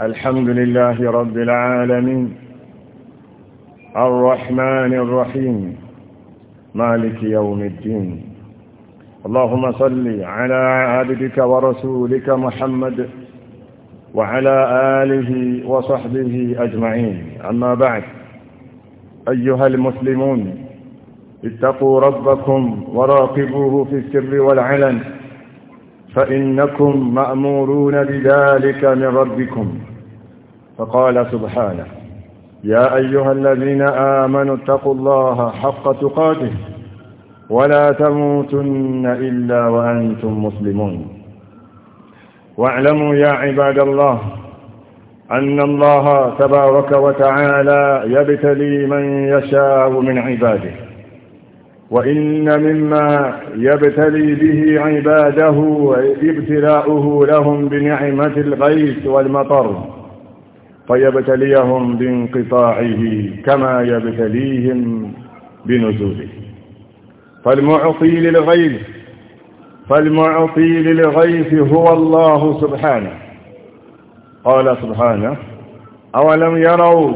الحمد لله رب العالمين الرحمن الرحيم مالك يوم الدين اللهم صل على عبدك ورسولك محمد وعلى آله وصحبه أجمعين أما بعد أيها المسلمون اتقوا ربكم وراقبوه في السر والعلن فإنكم مأمورون بذلك من ربكم فقال سبحانه يا أيها الذين آمنوا اتقوا الله حق تقاته ولا تموتن إلا وأنتم مسلمون واعلموا يا عباد الله أن الله تبارك وتعالى يبتلي من يشاء من عباده وإن مما يبتلي به عباده ابتلاؤه لهم بنعمة الغيث والمطر فيبتليهم بانقطاعه كما يبتليهم بنزوله فالمعطي للغيث فالمعطي للغيث هو الله سبحانه قال سبحانه أولم يروا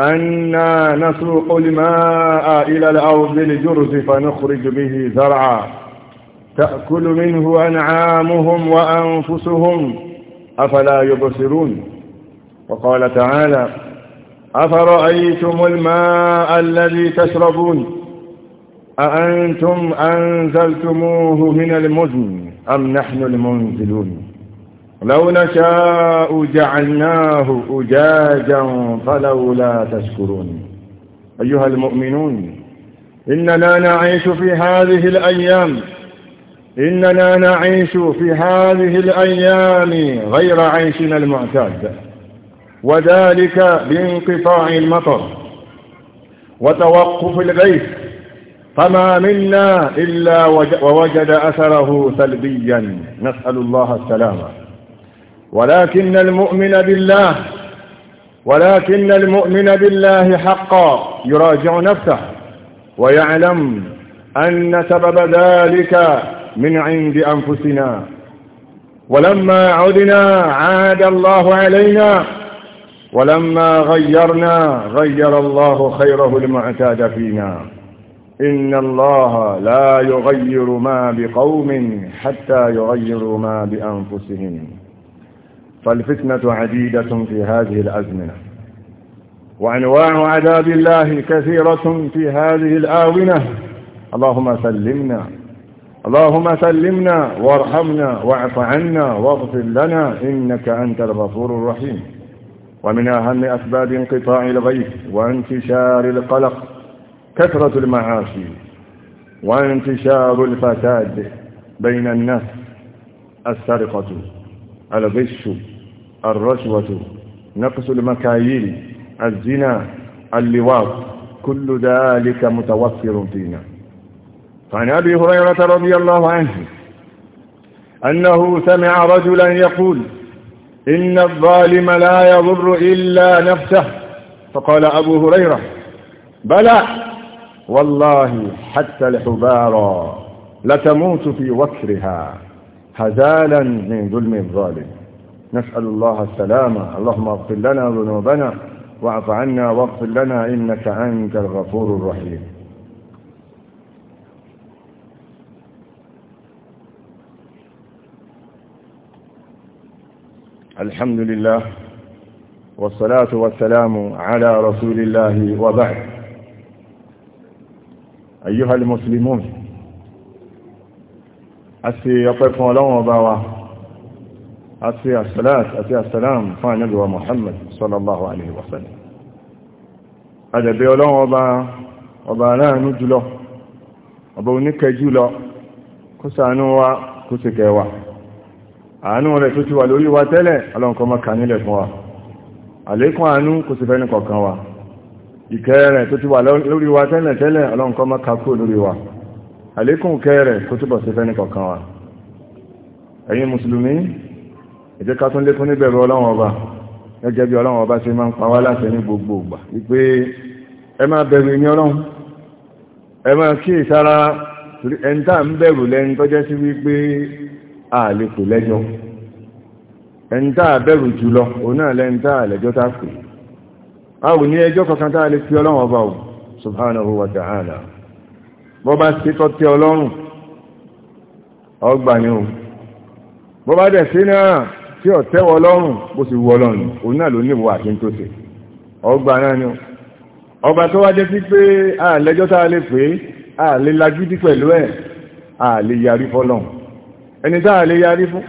أنا نسوق الماء إلى الأرض الجرز فنخرج به زرعا تأكل منه أنعامهم وأنفسهم أفلا يبصرون وقال تعالى أفرأيتم الماء الذي تشربون أأنتم أنزلتموه من المزن أم نحن المنزلون لو نشاء جعلناه أجاجا فلولا تشكرون أيها المؤمنون إننا نعيش في هذه الأيام إننا نعيش في هذه الأيام غير عيشنا المعتاد وذلك بانقطاع المطر وتوقف الغيث فما منا إلا ووجد أثره سلبيا نسأل الله السلامه ولكن المؤمن بالله ولكن المؤمن بالله حقا يراجع نفسه ويعلم أن سبب ذلك من عند أنفسنا ولما عدنا عاد الله علينا ولما غيرنا غير الله خيره المعتاد فينا إن الله لا يغير ما بقوم حتى يغيروا ما بأنفسهم فالفتنة عديدة في هذه الأزمنة وأنواع عذاب الله كثيرة في هذه الآونة اللهم سلمنا اللهم سلمنا وارحمنا واعف عنا واغفر لنا إنك أنت الغفور الرحيم ومن أهم أسباب انقطاع الغيث وانتشار القلق كثرة المعاصي وانتشار الفساد بين الناس السرقة الغش الرشوة نقص المكاييل الزنا اللواط كل ذلك متوفر فينا فعن أبي هريرة رضي الله عنه أنه سمع رجلا يقول إن الظالم لا يضر إلا نفسه فقال أبو هريرة بلى والله حتى الحبارى لتموت في وكرها هزالا من ظلم الظالم نسأل الله السلامة اللهم اغفر لنا ذنوبنا واعف عنا واغفر لنا إنك أنت الغفور الرحيم الحمد لله والصلاة والسلام على رسول الله وبعد أيها المسلمون àti ọpẹ́ fún ọlọ́wọ̀n ọba wa àti àṣàlát àti àṣàlám fún ànábìwa Muhammad sallallahu alaihi wasallam adẹ̀bẹ̀ ọlọ́wọ̀n ọba ọba aláàánú jùlọ ọba oníkẹ jùlọ kó ṣàánú wa kó sì kẹ́ wa àánú rẹ̀ tó ti wà lórí wa tẹ́lẹ̀ ọlọ́nkọ́ mọ́ka nílẹ̀ fún àánú rẹ̀ tó ti wà lórí wa tẹ́lẹ̀ ọlọ́nkọ́ àlékún kẹrẹ tó túbọ̀ sí fẹ́ ní kọ̀kan wa ẹ̀yin mùsùlùmí ẹ jẹ́ ká tún lékún níbẹ̀rù ọlọ́run ọba gẹ́gẹ́ bí ọlọ́run ọba ṣe máa ń pa wá láṣẹ ní gbogbo ìgbà wípé ẹ máa bẹ̀rù ìní ọlọ́run ẹ máa kí ìsára ẹni ń bẹ̀rù bọ́ bá ṣe tọ́ tẹ́ ọlọ́run ọgbà ni o bọ́ bá dẹ̀ sí náà tí ọ tẹ́wọ ọlọ́run bó sì wù ọlọ́run òun náà ló níwọ̀ àti tó ṣe ọgbà náà ni o ọba tó wá jẹ́ sí pé àlẹ́jọ́ tá a lè pé a lè lagídí pẹ̀lú ẹ̀ a lè yarí fọ́lọ́run ẹni tá a lè yarí fún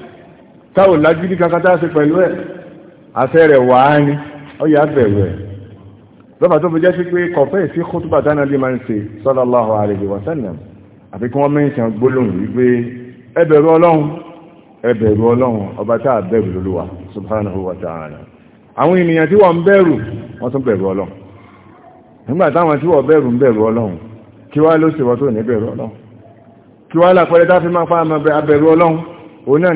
táwọn lagídí kankan tá a ṣe pẹ̀lú ẹ̀ àṣẹ rẹ̀ wàá ni ó yà bẹ̀rù ẹ̀ lọ́pàá tó fi jẹ́ sí pé kọ̀fẹ́ sí kútùbà dáná lè máa ń ṣe sallallahu alaihi wa sallam àfi kí wọ́n mẹ́ǹkan gbólóhùn wípé ẹ bẹ̀rù ọlọ́run ẹ bẹ̀rù ọlọ́run ọba tá a bẹ̀rù lólúwa subhanahu wa ta'ala àwọn ènìyàn tí wọ́n ń bẹ̀rù wọ́n tún bẹ̀rù ọlọ́run nígbà táwọn tí wọ́n bẹ̀rù ń bẹ̀rù ọlọ́run kí wá ló ṣe wọ́n tó ní bẹ̀rù ọlọ́run kí wá lápẹ́rẹ́ tá fi máa pa abẹ̀rù ọlọ́run òun náà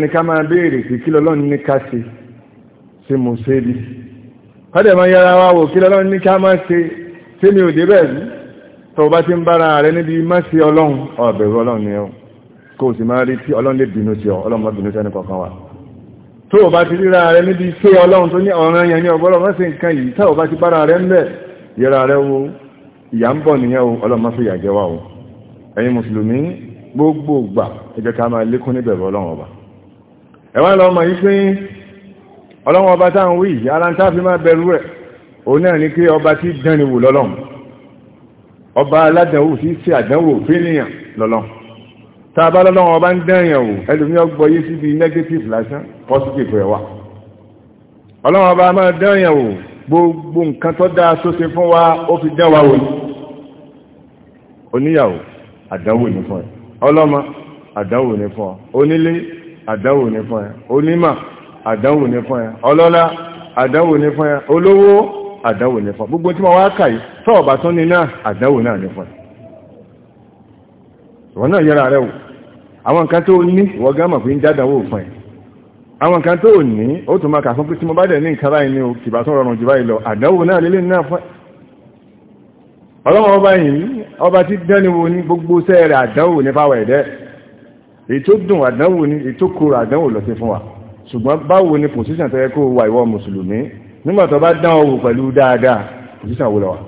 kọ́dẹ̀ máa yára wa wò kí lọ́lọ́run ní ká máa ṣe tí mi ò dé bẹ́ẹ̀ rí tó bá ti ń bára rẹ níbi má sí ọlọ́run ọ̀bẹ̀rù ọlọ́run ni ó kó o sì máa rí tí ọlọ́run lè bínú sí ọ ọlọ́run má bínú sẹ́ni kankan wa tó o bá ti ríra rẹ níbi ṣé ọlọ́run tó ní ọ̀ràn yìí tá ọlọ́run ọba tá à ń wí yìí ara ń tá fi máa bẹ̀rù rẹ̀ òun náà ni pé ọba tí dánni wò lọ́lọ́run ọba aládánwò sí ṣe àdánwò fínìyàn lọ́lọ́run tá a bá lọ́lọ́run ọba ń dánìyàn wò ẹlòmí ọgbọ́ yé síbi negative lásán positive rẹ̀ wà ọlọ́run ọba máa dánìyàn wò gbogbo nǹkan tó dáa tó ṣe fún wa ó fi dán wa wò ní oníyàwó àdánwò ní fún ẹ ọlọ́mọ àdánwò ní fún ọ onílé àdánwò ní fún ẹ onímọ̀ àdánwò ní fún ẹ ọlọ́lá àdánwò ní fún ẹ olówó àdánwò ní fún ẹ gbogbo tí wọ́n wá kàí tọ́ọ̀bà tó ní náà àdánwò náà ní fún ẹ wọ́n náà yẹra rẹ̀ wò àwọn nǹkan tó ní wọ́n gá mọ̀ pé ń jádàwò fún ẹ àwọn nǹkan tó ní ó tún máa kà fún pé tí mo bá dẹ̀ ní nǹkan báyìí ní o kìbà tó rọrùn jù báyìí lọ àdánwò náà lélẹ̀ náà fún ẹ ọlọ́wọ́n ọba yìí ọba ti dẹ́niwo ní gbogbo sẹ́ẹ̀rẹ̀ àdánwò ní fáwọn ẹ̀dẹ́ èyí tó dùn àdánwò ní èyí tó kóró àdánwò lọ sí fún wa ṣùgbọ́n báwo ni pòsíṣàn tó yẹ kó wà ìwọ mùsùlùmí nígbà tó bá dán owó pẹ̀lú dáadáa pòsíṣàn wò lọ́wà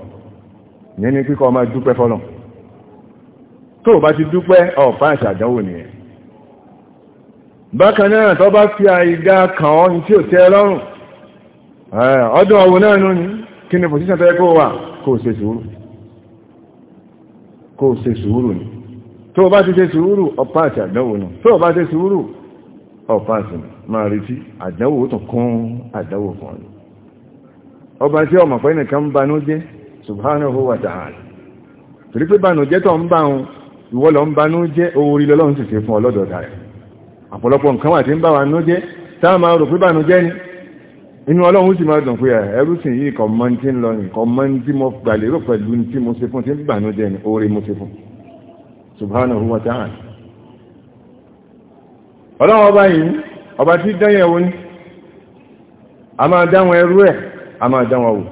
ìyẹn ni kíkọ́ ọmọ dúpẹ́ fọ́lọ̀ tó bá ti dúpẹ́ ọ̀pá ìṣàdánwò nìyẹn bákan náà tó bá fi àìdá kàn ọ́ ní tí ò tẹ́ lọ́rùn ọdún ọwọ́ náà nú ni kí ni pòsíṣàn tó yẹ kó wà kó ṣe sùúrù kó ṣe sùúrù ni tó bá ti ṣe sùúrù ọ̀pá ìṣàdánwò nù tó bá ti ṣe sùúrù ọ̀páàsìn máa retí àdánwò tó kún àdánwò fún ọ̀nà ọba tí ọmọ pẹ́ nìkan banú jẹ́ subhanahu wa ta'ala torí pé banú jẹ́ tó ń bá wọn ìwọ lọ ń banú jẹ́ orí lọ́lọ́run sì ṣe fún ọlọ́dọ̀dà rẹ̀ àpọ̀lọpọ̀ nǹkan wà tí ń bá wa nú jẹ́ tá máa rò pé banú jẹ́ ni inú ọlọ́run sì máa dùn pé ẹrúsìn yìí kọ̀ mọ́ tí ń lọ nǹkan mọ́ tí mo gbàlérò fún tí ọlọ́wọ́ ọba yìí ọba tí dáyẹ̀ wo ní a máa dáwọn ẹrú ẹ̀ a máa dáwọn wò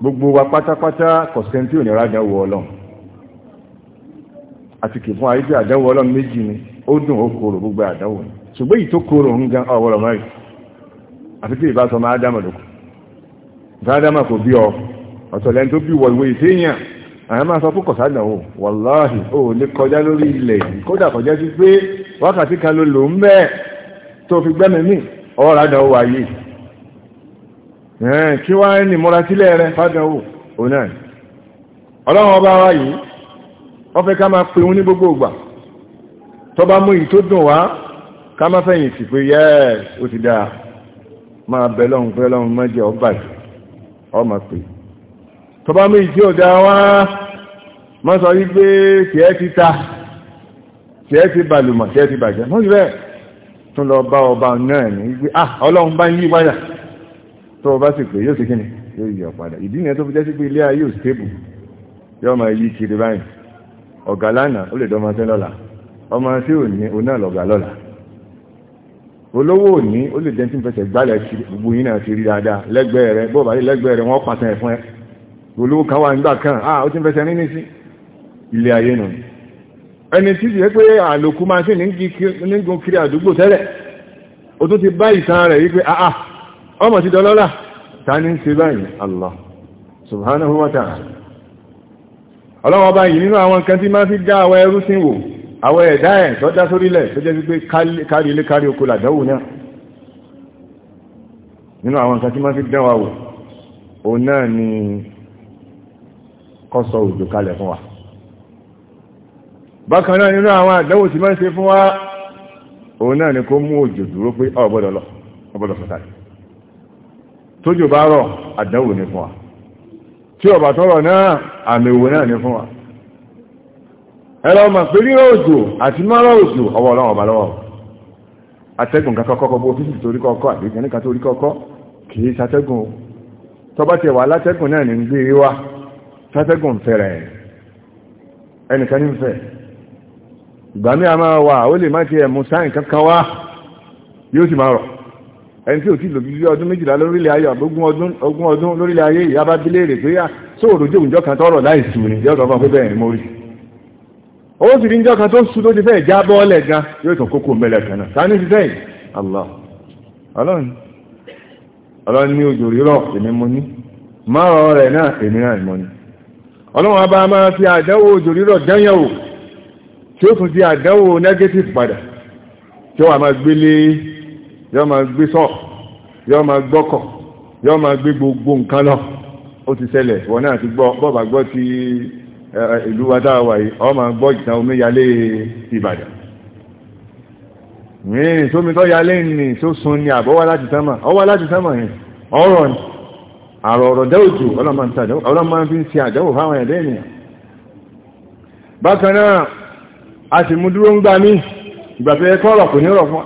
gbogbo wa pátápátá kọ̀sẹ̀ntì ò ní rájà ọlọ́run àti kì fún ayé tí àdáwọ ọlọ́run méjì ni ó dùn ó korò gbogbo àdáwọ ni ṣùgbọ́n èyí tó ń gan tí ìbá sọ máa kò bí ọ sọ fún wàláhì ó kọjá lórí ilẹ̀ kódà kọjá sí pé wákàtí kan ló lò ń bẹ́ẹ̀ tó fi gbẹ́mẹ̀ mí ọ̀rọ̀ àdánwò ayé kí wá ní múra sílẹ̀ rẹ fádánwò onáà ọlọ́run ọba wa yìí wọ́n fẹ́ ká máa pe wọn ní gbogbo ìgbà tó bá mú ìtó dùn wá ká má fẹ̀yìn sí pé yẹ́ẹ̀s ó ti dáa máa bẹ̀ lọ́hùn pé lọ́hùn má jẹ́ ọba jù ọ máa pè tó bá mú ìtí dáa wá má sọ wípé tiẹ́ ti ta tí ẹ ti balùmọ̀ tí ẹ ti bàjẹ́ mọ́ ìbẹ́ tún lọ bá ọba náà ní wípé ah ọlọ́run bá ń yí padà tó o bá sì pé yóò sì kíni yóò yí ọ padà ìdí nìyẹn tó fi jẹ́ sí pé ilé ayé ò stable yóò máa yí kiri báyìí ọ̀gá lánàá ó lè dọ́ ọmọ sí lọ́la ọmọ sí òní òun náà lọ́gà lọ́la olówó òní ó lè dẹ́ntì fẹsẹ̀ gbálẹ̀ gbogbo yín náà ti rí dáadáa lẹ́gbẹ̀ẹ́ rẹ bó bá lẹ́gbẹ̀ẹ́ rẹ wọ́n pàtàn fún ẹ olówó kan nígbà kan ah ó ti fẹsẹ̀ ní nísí ilé ayé nù ẹni tí jẹ́ pé àlòkú máa ṣe nígun kiri àdúgbò tẹ́lẹ̀ o tún ti bá ìtàn rẹ̀ wípé àà ọmọ ti dọlọ́lá ta ní ṣe báyìí Allah subhanahu wa ta'ala ọlọ́wọ́ báyìí nínú àwọn nǹkan tí máa fi dá àwọ ẹrú sí wò àwọ ẹ̀dá ẹ̀ tó dá sórílẹ̀ tó jẹ́ pé kárí ilé kárí oko náà nínú àwọn nǹkan tí máa fi dá wa wò òun náà ni kọ́sọ̀ òjò kalẹ̀ bákan náà nínú àwọn àdánwò tí máa ń ṣe fún wa òun náà ni kó mú òjò dúró pé ọ̀gbọ́dọ̀ lọ ọ̀gbọ́dọ̀ sọ̀tàlì tójò bá rọ̀ àdánwò ni fún wa tí ọ̀bà tọ́rọ̀ náà àmì òwò náà ni fún wa ẹ̀rọ ọmọ pé rírọ̀ òjò àti mọ́rọ̀ òjò ọwọ́ ọlọ́wọ́ ọba lọ́wọ́ atẹ́gùn kankan kọ́kọ́ bó fífi torí kọ́kọ́ àti ìkẹ́ni kan torí kọ́kọ́ kìí ṣatẹ́gùn tọ́bá ti wà látẹ́gùn náà ní gbé e wá ṣatẹ́gùn fẹ́rẹ̀ ẹnìkan ní fẹ́rẹ̀ ìgbà ní a máa wà ó lè má ti ẹ̀mú sáyìn kankan wá yóò sì máa rọ̀ ẹni tí ò tí lò bí ọdún méjìlá lórílẹ̀ ayé ogún ọdún lórílẹ̀ ayé ìyá bá bílé rè pé sóòrò ah, jẹ́ òǹjọ́ kan tọrọ láì sùn ní ìjọ́ kan pé bẹ́ẹ̀ ni mo rí ó sì rí ìjọ́ kan tó sùn tó ti fẹ́ já bọ́ọ̀lẹ̀ gan yóò tàn kókó mẹ́lẹ̀ kan náà sáà ti sẹ́yìn Allah ọlọ́run ọlọ́run ní òjò rírọ̀ èmi mo ní márọ̀ rẹ̀ náà èmi náà ni mo ní ọlọ́run abá máa fi àdánwò òjò rírọ̀ dányẹ̀wò tí ó tún di àdánwò negative padà tí wọ́n máa gbélé yọ máa gbé sọ yọ máa gbọkọ yọ máa gbé gbogbo nǹkan lọ ó ti ṣẹlẹ̀ wọ́n náà ti gbọ ti ìlú wa tá a wà yìí ọ máa gbọ́ ìtàn omíyalé Ìbàdàn mìíràn sómi tó tó sun ni àbọ̀ wá láti sánmà ọ wá láti sánmà yẹn ni àrọ̀ ọ̀rọ̀ fi ń ṣe àdẹ́wò fáwọn ẹ̀dẹ́ ènìyàn a sì mú dúró ń gbá mí ìgbà tó yẹ kọ́ ọ̀rọ̀ kò ní ọ̀rọ̀ fún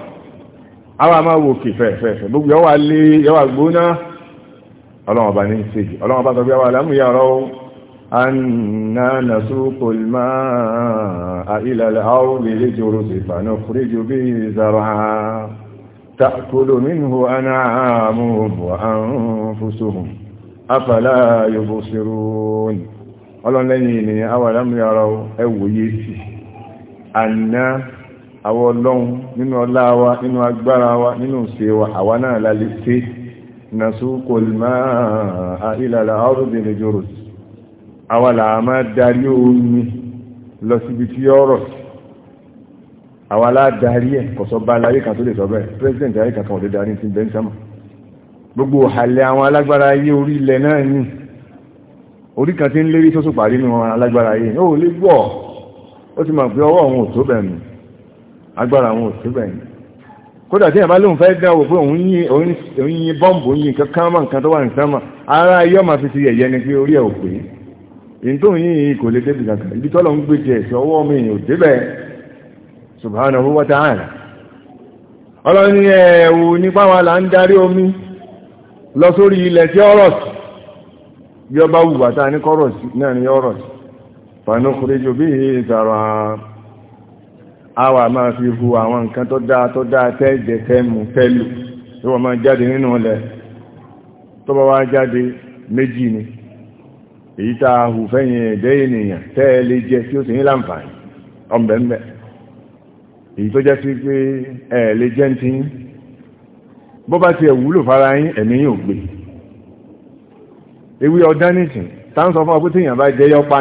àwọn àmà wò kì fẹ̀fẹ̀fẹ̀ gbogbo yọ wà lé yọ wà gbóná ọlọ́wọ́n bá ní ṣèjì ọlọ́wọ́n bá sọ pé àwọn àlámùyà ọ̀rọ̀ أنا نسوق الماء إلى الأرض لجرز فنخرج به زرعا تأكل منه أنعامهم وأنفسهم أفلا يبصرون قالوا لني أولم يروا أويتي àná àwọn ọlọ́run nínú ọlá wa nínú agbára wa nínú ìṣe wa àwa náà lálẹ́ sí nàṣúkò máa ìlàlà ọrùbìn ìjòrò àwa làá máa darí omi lọ síbi tí ọrọ̀ àwa láà darí ẹ̀ kọ̀sọ̀ bá aláyé kan tó lè sọ bẹ́ẹ̀ president ayé kankan òde darí ti bẹ́ẹ̀ sẹ́mọ̀ gbogbo àlẹ́ àwọn alágbára ayé orí náà ní orí kan tí ń lérí tó sùpàrí nínú alágbára ayé ó lè gbọ́ ó ti mọ̀ pé ọwọ́ òun ò tó bẹ̀rù agbára òun ò tó bẹ̀rù kódà tí ìyàbá lóun fẹ́ dánwò pé òun yín nǹkan tó wà ní ara ayé ọmọ fi ti yẹ̀yẹ́ ni pé orí ẹ̀ ò pé èyí tó yín yìí kò lè débi kankan ibi tọ́lọ̀ ń gbé mi ò débẹ̀ ọlọ́ni ẹ̀wù là ń darí omi fanúkúrẹ́jù bí i tààrà àwà máa fi hu àwọn nǹkan tó dáa tó dáa tẹ́jẹ tẹ́mù tẹ́lù tí wọ́n máa jáde nínú ilẹ̀ tó bá wá jáde méjì ni èyí tá a hù fẹ́yìn ẹ̀dẹ́ ènìyàn tẹ́ẹ̀lẹ́ jẹ tí ó sì ní láǹfààní ọmọbẹ̀mẹ́ èyí tó jẹ́ sí pé ẹ̀ẹ̀lẹ́ fara yín ẹ̀mí yóò gbé ewé ọdán nìsín táwọn sọ fún ọ pé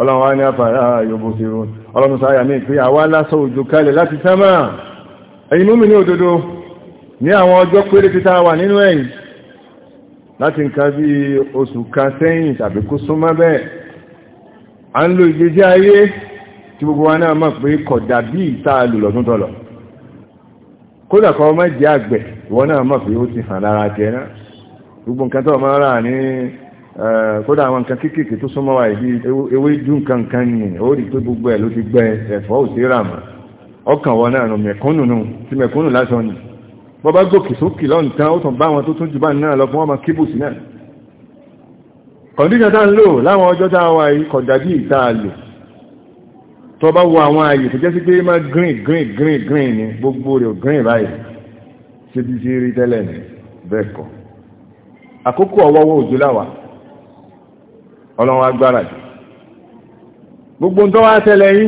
ọlọ́run wá ní àfàrà yóò sí rún ọlọ́run sáyà ní ìpín àwá lásọ òjò kalẹ̀ láti sámà ẹ̀yin mú mi ní òdodo ní àwọn ọjọ́ péré títà wà nínú ẹ̀yìn láti nǹkan bí oṣù kan sẹ́yìn tàbí kó súnmọ́ bẹ́ẹ̀ a ń lo ìgbésí ayé tí gbogbo wa náà mọ̀ pé kódà bí ìta lù lọ́dún tọ̀lọ̀ kódà kọ́ àgbẹ̀ ìwọ náà mọ̀ pé ó ti hàn lára jẹ náà gbogbo nǹkan tó Eh, kódà àwọn nǹkan kéékèèké tó súnmọ́ wa yìí ewé ju nǹkan kan nì ó rí pé gbogbo ẹ̀ ló ti gbẹ ẹ̀fọ́ ò sí rà mọ́ ọkàn wọn náà nù mẹ̀kúnnù nù ti mẹ̀kúnnù lásán ni bọ́ bá gòkè sókè lọ́nìtàn ó tàn bá àwọn tó tún jù bá náà lọ fún ọmọ kébùsì náà kọ̀díṣà tá ń lò láwọn ọjọ́ tá wà yìí kọ̀dàbí ìta lò tó bá wo àwọn ààyè tó jẹ́ sí pé má green green green green ni green báyìí ṣe bí ṣe rí tẹ́lẹ̀ ní bẹ́ẹ̀ ọlọ́run agbára jù gbogbo ń tọ́wọ́ àtẹ́lẹ̀ yìí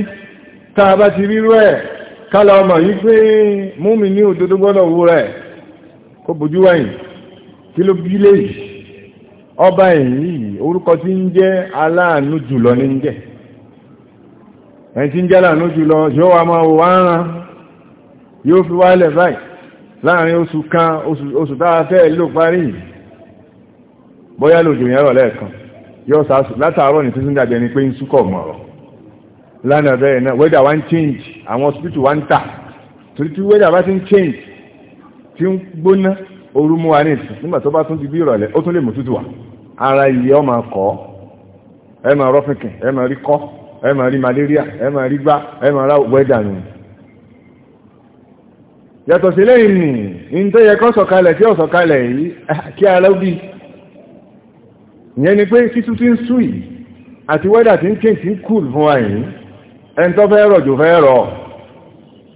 tá a bá ti rírú ẹ̀ kálọ̀ ọmọ yìí pé múmi ní òdodo gbọ́dọ̀ wú rẹ̀ kó bójú wẹ̀yìn kí ló bí lè yìí ọba ẹ̀yìn yìí orúkọ tí ń jẹ́ aláàánú jùlọ ní ń jẹ́ ẹni tí ń jẹ́ aláàánú jùlọ yóò wá máa wò wárán yóò fi wálẹ̀ báyìí láàrin oṣù kan oṣù tá a fẹ́ lò parí bóyá lòjò yẹn rọ̀ lẹ́ẹ̀kan yóò sásù látàárọ̀ ní títí dàbí ẹni pé ń súkọ̀ mọ̀rọ̀ lánàá bẹ́ẹ̀ náà wẹ́dà wá ń change àwọn hospital wá ń tà torí tí wẹ́dà bá ti ń change tí ń gbóná ooru mú wa ní ìsìn nígbà tó bá tún di bí ìrọ̀lẹ́ ó tún lè mú tútù wá ara iye ọmọ kọ́ ẹ máa rọ́fìnkìn ẹ máa rí kọ́ ẹ máa rí malaria ẹ máa rí gbá ẹ máa rá wẹ́dà nù yàtọ̀ sí lẹ́yìn nì ní tó yẹ kó sọ̀kalẹ̀ tí ó sọ̀kalẹ̀ yìí kí ara bí ìyẹn ni pé sísú tí ń sú yìí àti wẹ́dà tí ń kéǹtì ń kúl fún wa yìí ẹni tó fẹ́ rọ̀ jù fẹ́ rọ̀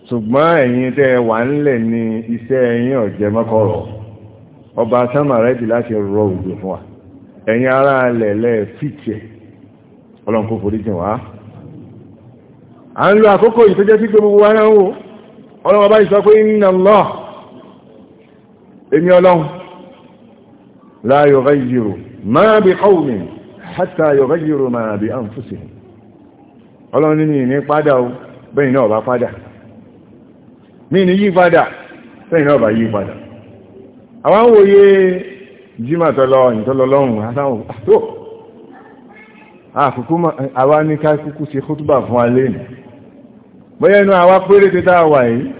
ṣùgbọ́n ẹ̀yin tẹ́ ẹ wà ńlẹ̀ ni iṣẹ́ ẹ̀yin ọ̀jẹ̀ mọ́kọ̀rọ̀ ọba sámà rẹ̀ dì láti rọ òjò fún wa ẹ̀yin ara alẹ̀ lẹ́ fìtì ọlọ́run kò forí jìn wá à ń lo àkókò ma bi qawmin hatta yughayyiru ma bi anfusihim ọlọ́run ní ní padà ó bẹ́yìn náà bá padà mí ní yí padà bẹ́yìn náà bá yí padà àwọn wòye jímà tọ́lọ ìtọ́lọlọ́run àtàwọn tó àkùkú ah, àwa ní ká kúkú ṣe kútùbà fún alẹ́ nì bọ́yẹ́ inú àwa péré tẹ́ta wà yìí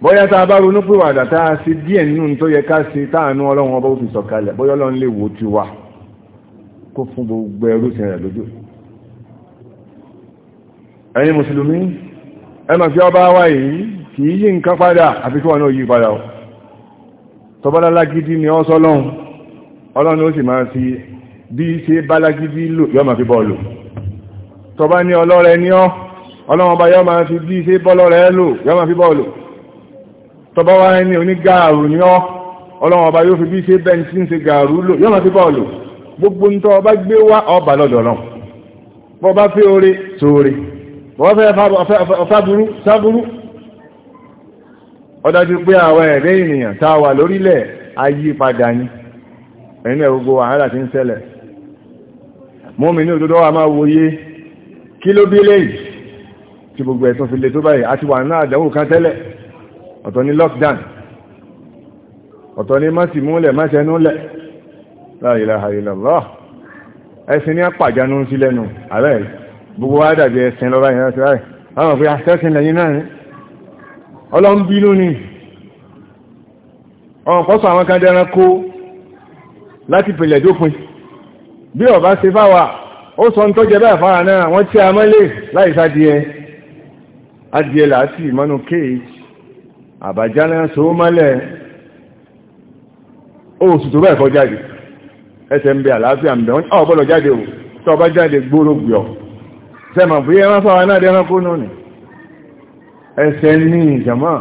bóyá tá a bá ronú pìwàdà tá a ṣe díẹ̀ nínú tó yẹ ká ṣe táànú ọlọ́run ọba òfin sọ̀kalẹ̀ bóyá ọlọ́run lè wò ti wá kó fún gbogbo ẹrú sí rẹ̀ lójú ẹ̀yin mùsùlùmí ẹ mà fi ọba wá yìí kì í yí nǹkan padà àfi kí wọn náà yí padà ọ tọ́bálálágídí ni ọ́ sọ́lọ́run ọlọ́run ó sì máa fi bí ṣe bálágídí lò yọ́ máa fi bọ́ọ̀lù tọ́bá ní ọlọ́rẹ ní ọ́ ọlọ́run ọba yọ́ máa fi bí ṣe bọ́ọ̀lù rẹ̀ lò yọ́ máa fi bọ́ọ̀lù tọba wá ní onígààrù ní ọ́ ọlọ́wọ́n ọba yóò fi bí ṣe bẹ́ẹ̀ tí ń ṣe gààrù lò yóò máa fi bọ́ọ̀lù gbogbo ń tọ́ ọba gbé wá ọba lọ́dọ̀ lọ bọ́ bá fẹ́ oore sóore bọ́ fẹ́ ọ̀fáburú sáburú ọdájú pé àwọn ẹ̀rẹ́ ènìyàn tá a wà lórílẹ̀ ayípadà ni ẹ̀yìn ẹ̀ gbogbo wàhálà ti ń ṣẹlẹ̀ mọ́mí ní òdodo wa máa wòye kí ló bí lẹ́yìn tí gbogbo ẹ̀tún fi le tó báyìí àti wà náà àdánwò kan tẹ́lẹ̀ ọ̀tọ̀ ni lockdown ọ̀tọ̀ ni má sì múlẹ̀ má sẹ́nu lẹ̀ la ilaha illallah ẹ̀sìn ní àpàjánú sí lẹ́nu ààrẹ gbogbo wa dàbí ẹ̀sìn lọ́ba ìrìn àti ráì àwọn òfin àṣẹ́sìn lẹ́yìn náà ní ọlọ́run bínú ni ọ̀n pọ́sọ̀ àwọn kan dára kó láti pèlẹ̀ dópin bí ọba ṣe fáwà ó sọ ń tọ́jẹ bá àfáà náà wọ́n tí a mọ́lé láìsá díẹ̀ adìẹ làásì mọ́nú kéèjì àbájálẹ̀ so mọ́lẹ̀ oṣù tó bẹ́ẹ̀ kọ jáde ẹsẹ̀ ń bẹ àlàáfíà ń bẹ ọ̀bọ̀lọ̀ jáde o tó bá jáde gbóró gbìọ̀ sẹ́mà fún yẹn fáwọn náà dẹ́rán kó náà nì ẹsẹ̀ ní ìjàmá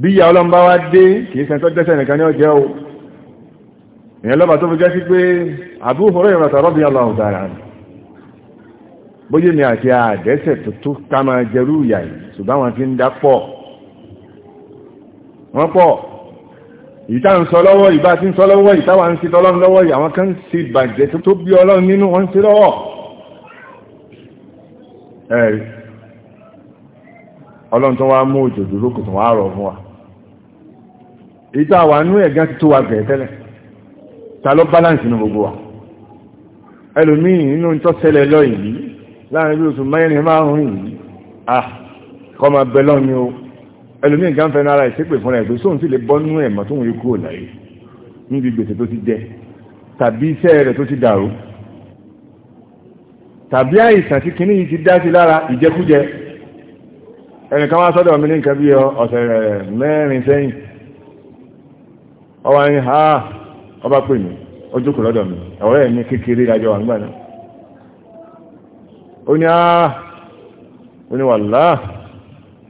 bí ìyà ọlọ́mbá wá dé kìí sẹ́ tó dẹ́sẹ̀ nìkan ní ọjẹ́ o ìyẹn lọ́bà tó fi jẹ́ sí pé àbúhòrò ìrọ̀tà rọ́bì ọlọ́run dára wọ́n pọ̀ ìta ń sọ lọ́wọ́ ìbá tí ń sọ lọ́wọ́ ìta wà ń sí tọ́lọ́run lọ́wọ́ yìí àwọn kan sí ìbàjẹ́ tó bí ọlọ́run nínú wọ́n sí lọ́wọ́ ẹ̀rí ọlọ́run tó wá mú òjò dúró tó wá rọ̀ fún wa ìta nú ẹ̀gán ti tó wa gẹ̀ẹ́ tẹ́lẹ̀ ta ló balance nínú gbogbo wa ẹlòmíì nínú tó ṣẹlẹ̀ lọ yìí láàrin bí oṣù mẹ́rin márùn-ún yìí ah kọ́ máa bẹ ẹlòmí nǹkan fẹ́nu ara ìṣépè fúnra ẹ̀ pé sóhun sì lè bọ́nú ẹ̀mọ́ tóun yóò kúrò láyé níbi gbèsè tó ti jẹ tàbí iṣẹ́ rẹ̀ tó ti dàrú tàbí àìsàn tí kìíní yìí ti dá sí lára ìjẹkújẹ ẹnìkan wá sọ́dọ̀ mi ní nǹkan bí ọ̀sẹ̀ mẹ́rin sẹ́yìn ọwọ́ ẹni ha ọba pè mí ó jókòó lọ́dọ̀ mi ọ̀rẹ́ mi kékeré ìdájọ́ wà nígbà náà ó ní àá ó ní wàláà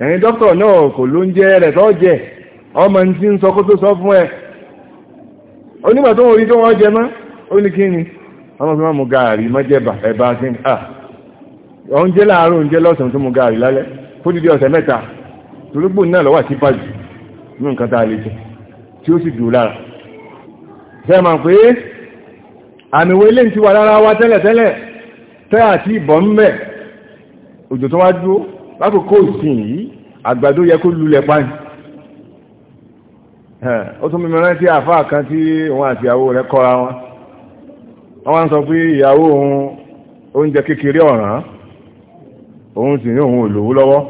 ẹ̀yìn dókítà náà kò ló ń jẹ́ rẹ̀ tó jẹ ọmọ ní tí ń sọ kó tó sọ fún ẹ onígbà tó tó wọ́n jẹ mọ́ ó ní kí ni ọmọ fi ẹ̀bá sí à láàárọ̀ lọ́sàn tó mu lálẹ́ fódìdí ọ̀sẹ̀ mẹ́ta náà pàjù ní nǹkan tá a lè jẹ tí ó sì dùn lára fẹ́ mọ̀ pé àmì wo ilé ń ti wa tẹ́lẹ̀tẹ́lẹ̀ tẹ́ àti ìbọn mẹ́ òjò tó wá dúró lákòókò ìsìn yìí àgbàdo yẹ kó lulẹ̀ pani ó tún mímọ rántí àfáà kan tí òun àti ìyàwó rẹ̀ kọ́ra wọn wọ́n wá ń sọ pé ìyàwó òun oúnjẹ kékeré ọ̀ràn òun sì ní òun òlòwú lọ́wọ́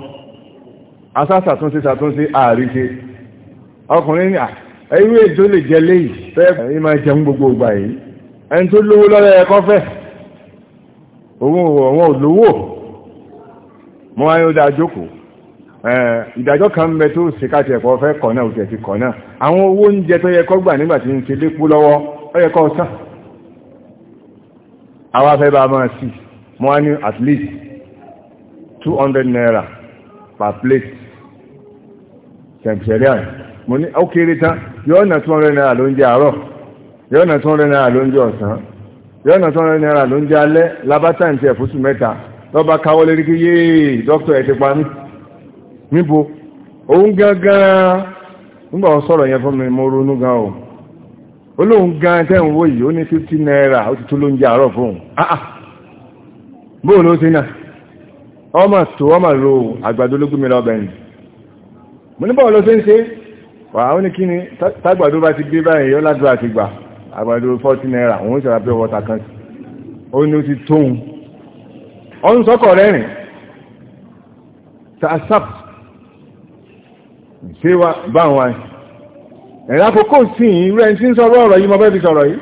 asásàtúnṣe sàtúnṣe ààrí ọkùnrin ní ẹ̀yíwé tó lè jẹ léyìí fẹ́ ẹ̀ máa jẹun gbogbo ìgbà yìí ẹni tó lówó lọ́rẹ́ ẹ̀kọ́ fẹ́ òun òun òlòwó mo wáyé ó dáa jókòó ìdájọ́ kan bẹ tó ṣe káàkiri ẹ̀kọ́ fẹ́ kọ̀ náà òkè ti kọ̀ náà àwọn owó oúnjẹ tó yẹ kọ́ gbà nígbà ń ṣe lépo lọ́wọ́ ó yẹ kọ́ sàn àwa bá máa sí mo wá ní at least two hundred naira per plate tẹ̀m̀pẹ̀rẹ̀ mo ní ó kéré tán yóò nà 200 naira ló ń jẹ àárọ̀ yóò nà 200 naira ló ń jẹ ọ̀sán yóò nà 200 naira ló ń jẹ alẹ́ labátà ń tẹ̀ fóṣù mẹ́ta lọ́ba káwọ́ lérí kí yéè dókítà ẹ̀ ti pa mí níbo òun gangan nígbà wọn sọ̀rọ̀ yẹn fún mi mo ronú gan o olóhun gan tẹ́hùn wó yìí ó ní 50 naira ó ti tó ló ń jẹ àárọ̀ fún àà ah, ah. bóò ló sí náà ọmọ tó ọmọ ro àgbàdo ló gúnmi lọ́bẹ̀ ni mo ní báwo ló ṣe ń ṣe wà ó ní kíni tágbàdo bá ti gbé báyìí ó ládùúrà ti gbà àgbàdo 40 naira òun ṣe ra pé wọ́ta kan ó ní ó ti tóun ọ̀n sọ́kọ̀ rẹ́rìn tàṣàp ṣé wa báwọn wa ẹ̀rọ àkókò sí i rẹ̀ ti ń sọ̀rọ̀ ọ̀rọ̀ yìí mo fẹ́ fi sọ̀rọ̀ yìí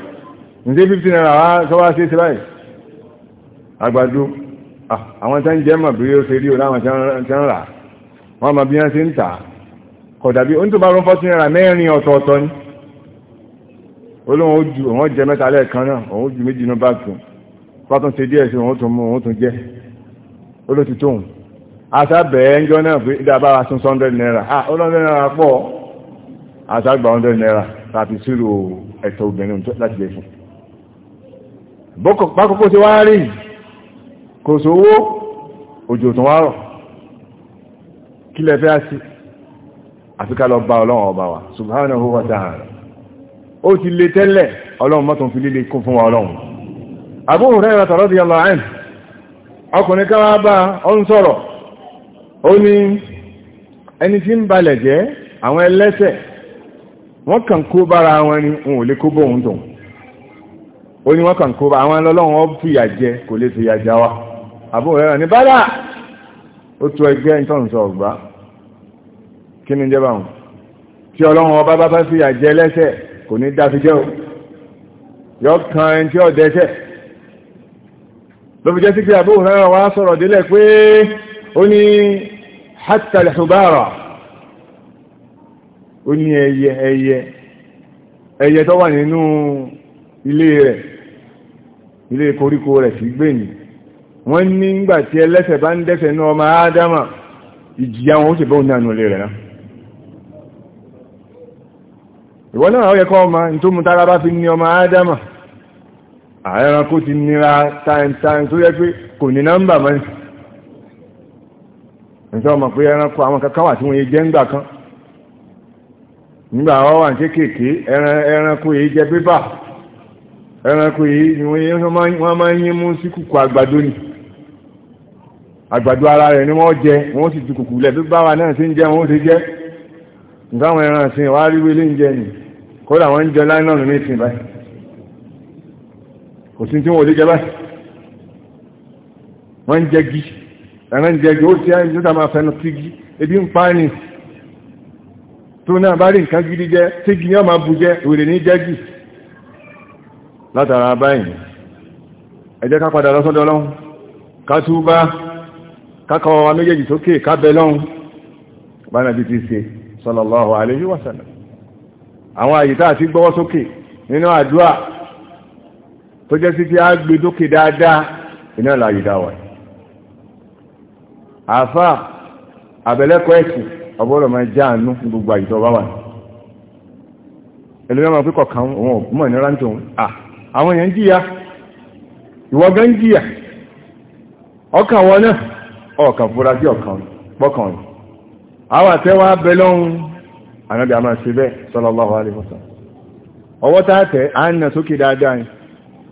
ǹjẹ́ fifty naira wá sọ wá sí ti báyìí àgbàdo àwọn tí wọ́n jẹ́ mọ̀ bí ó ṣe rí o láwọn tí wọ́n rà wọ́n mọ̀ bí wọ́n ṣe ń tà kọ̀dàbí ó ń tó bá rún fọ́tí náírà mẹ́rin ọ̀tọ̀ọ̀tọ̀ ni olóhun ó ju òun jẹ mẹ́ta lẹ́ẹ̀kan náà òun ó ju méjì náà bátún ṣe díẹ̀ sí wọn tún mú wọn tún jẹ́ olóti tóun àtàbẹ̀ẹ́ ń jọ náà pé ìdábára tún hundred naira ah hundred naira pọ̀ àtàgbà hundred naira tàbí sírò ẹ̀tọ́ obìnrin láti lè fún bákòókò tí wá rí kò sówó òjò tún wá rọ̀ kí lẹ fẹ́ àti àfikà lọ bá ọlọ́run ọba wa subhanahu wa ta'ala ó ti le tẹ́lẹ̀ ọlọ́run mọ́tún fi líle kún fún wa ọlọ́run Abu Hurairah radiyallahu anhu ọkùnrin ká wá bá ọ ń sọ̀rọ̀ ó ní ẹni tí ń balẹ̀ jẹ́ àwọn ẹlẹ́sẹ̀ wọ́n kàn kó bára wọn ni wọn lè kó bóun dùn ó ní wọ́n kàn kó bá àwọn ọlọ́run ó fìyà jẹ kò lè fìyà já wa Abu Hurairah ní bádà ó tu ẹgbẹ́ ìtọ́nsọ ni jẹ́ báwọn tí ọlọ́run ọba bá fẹ́ fìyà jẹ lẹ́sẹ̀ kò ní dáfi jẹ́ o yọ kan ẹni tí ó ló fi jẹ́ sí pé àbúrò rẹ̀ wá sọ̀rọ̀ délẹ̀ pé ó ní ó ní ẹyẹ ẹyẹ ẹyẹ tó wà nínú ilé rẹ̀ ilé koríko rẹ̀ sí gbẹ̀yìn wọ́n ní nígbà bá ń ní ọmọ ádámà ìjìyà wọn ó sì ilé rẹ̀ náà náà ó yẹ kọ́ ọmọ nítorí mú ọmọ ádámà ẹranko ti nira táìmtáìm tó yẹ pé kò ní nọ́mbà mọ́ nítorí ọmọ pé ẹranko àwọn kankan wà tí wọ́n yé jẹ́ ńgbà kan nígbà wọ́n wà ní kéékèèké ẹranko yìí jẹ pépà ẹranko yìí ni wọ́n máa ń yín mú sí kùkù àgbàdo ni àgbàdo ara rẹ̀ ni wọ́n jẹ wọ́n sì ti kùkù lẹ̀ pépà wa náà sí ń jẹ wọ́n ti jẹ́ nígbà wọn ẹran sí wọ́n á rí wílé ń jẹ ni kódà wọ́n ń jẹ láìnà nínú ìsìn báyìí kò sí tí wọ́n lè jẹ báyìí wọ́n ń jẹgi ẹ̀rẹ́ ń jẹgi ó ti ẹ́ ní ọ̀dà máa fẹnu tígi ebi ń pa ni tó náà bá rí nǹkan gidi jẹ tígi yóò máa bu jẹ òrè ní jẹgi látara báyìí ẹ jẹ́ ká padà lọ́sọ́dọ̀ lọ́hùn ká túbá kákọ̀ọ́ wa méjèèjì sókè ká bẹ lọ́hùn bá nàbí ti ṣe sallallahu alaihi wasallam àwọn àyíká àti gbọ́wọ́ sókè nínú àdúrà tó jẹ́ sí tí a gbé dókè dáadáa iná láyé dáwà àfá àbẹ̀lẹ́kọ̀ọ́ ẹ̀sìn ọgbọ́dọ̀ máa já àánú gbogbo àyíkọ́ bá wà ní ẹlẹ́mọ̀ pípọ̀ kan òun ọ̀gbọ́n ní rántí òun à àwọn èèyàn jíyà ìwọ̀gán jíyà ọkàn wọn náà ọkàn fúra bẹ́ẹ̀ sallallahu alaihi ọwọ́ tààtẹ̀ à sókè dáadáa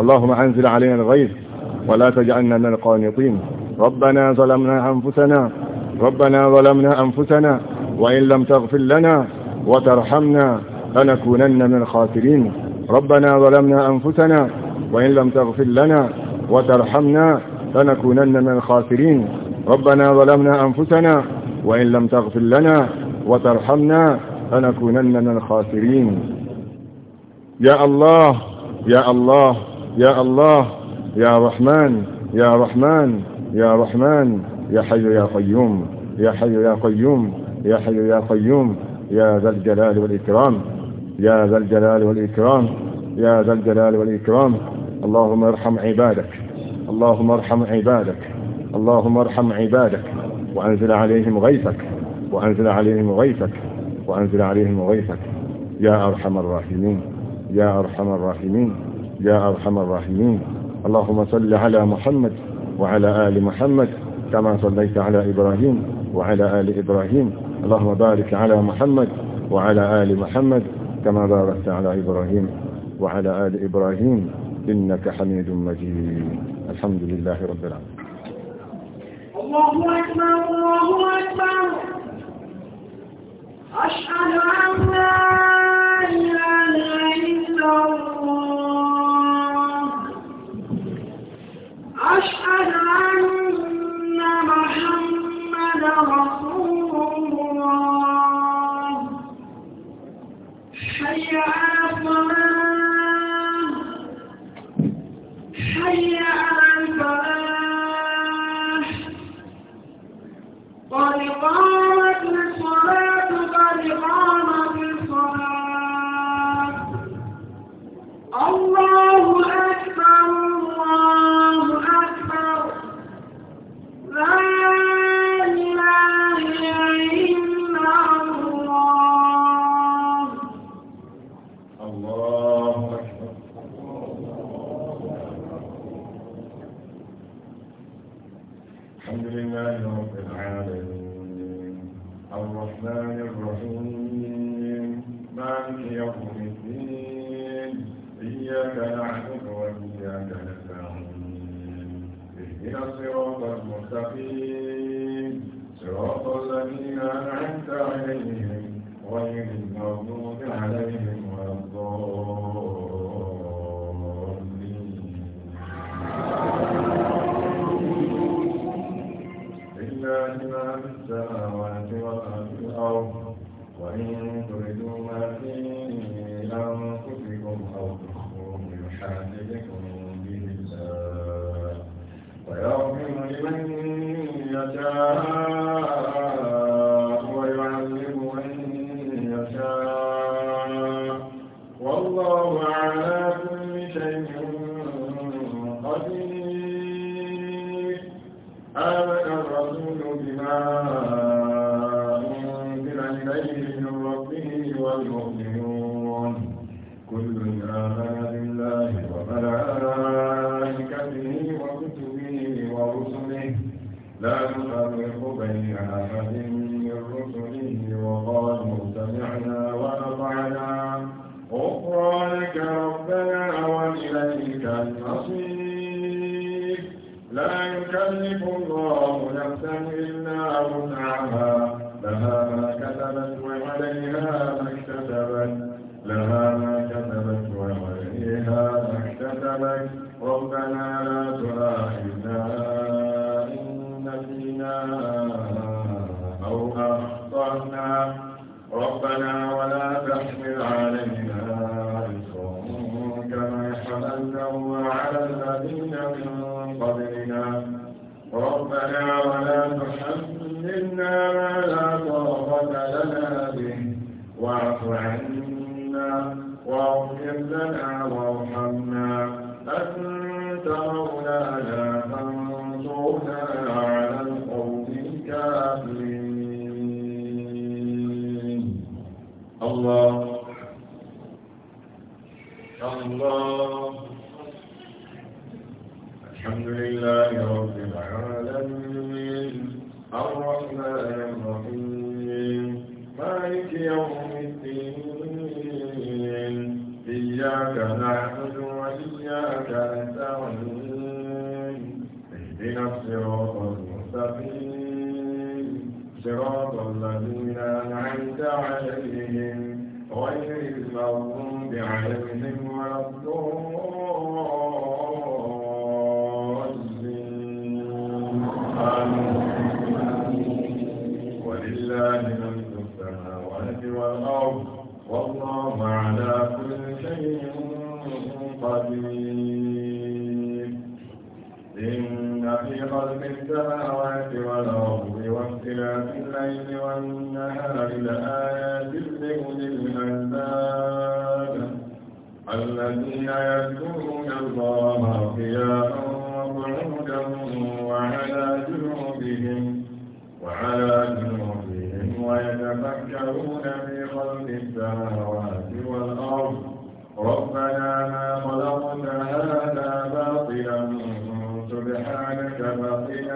اللهم أنزل علينا الغيث ولا تجعلنا من القانطين ربنا ظلمنا أنفسنا ربنا ظلمنا أنفسنا وإن لم تغفر لنا وترحمنا لنكونن من الخاسرين ربنا ظلمنا أنفسنا وإن لم تغفر لنا وترحمنا لنكونن من الخاسرين ربنا ظلمنا أنفسنا وإن لم تغفر لنا وترحمنا لنكونن من الخاسرين يا الله يا الله يا الله يا رحمن يا رحمن يا رحمن يا حي يا قيوم يا حي يا قيوم يا حي يا قيوم يا ذا الجلال والإكرام يا ذا الجلال والإكرام يا ذا الجلال والإكرام اللهم ارحم عبادك اللهم ارحم عبادك اللهم ارحم عبادك وأنزل عليهم غيثك وأنزل عليهم غيثك وأنزل عليهم غيثك يا أرحم الراحمين يا أرحم الراحمين يا أرحم الراحمين اللهم صل على محمد وعلى آل محمد كما صليت على إبراهيم وعلى آل إبراهيم اللهم بارك على محمد وعلى آل محمد كما باركت على إبراهيم وعلى آل إبراهيم إنك حميد مجيد الحمد لله رب العالمين الله أكبر الله أكبر أشهد أن لا إله إلا الله أشهد أن محمد رسول الله حي على الصلاة حي على الفلاح قد قامت الصلاة قد قامت الصلاة الله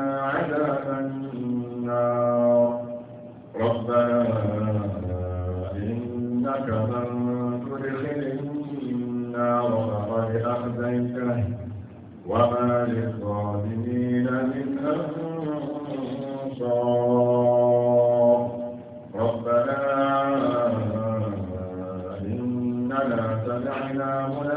عذاب النار ربنا إنك من تدخل النار فقد أخزيته وما للظالمين من أنصار ربنا إننا سمعنا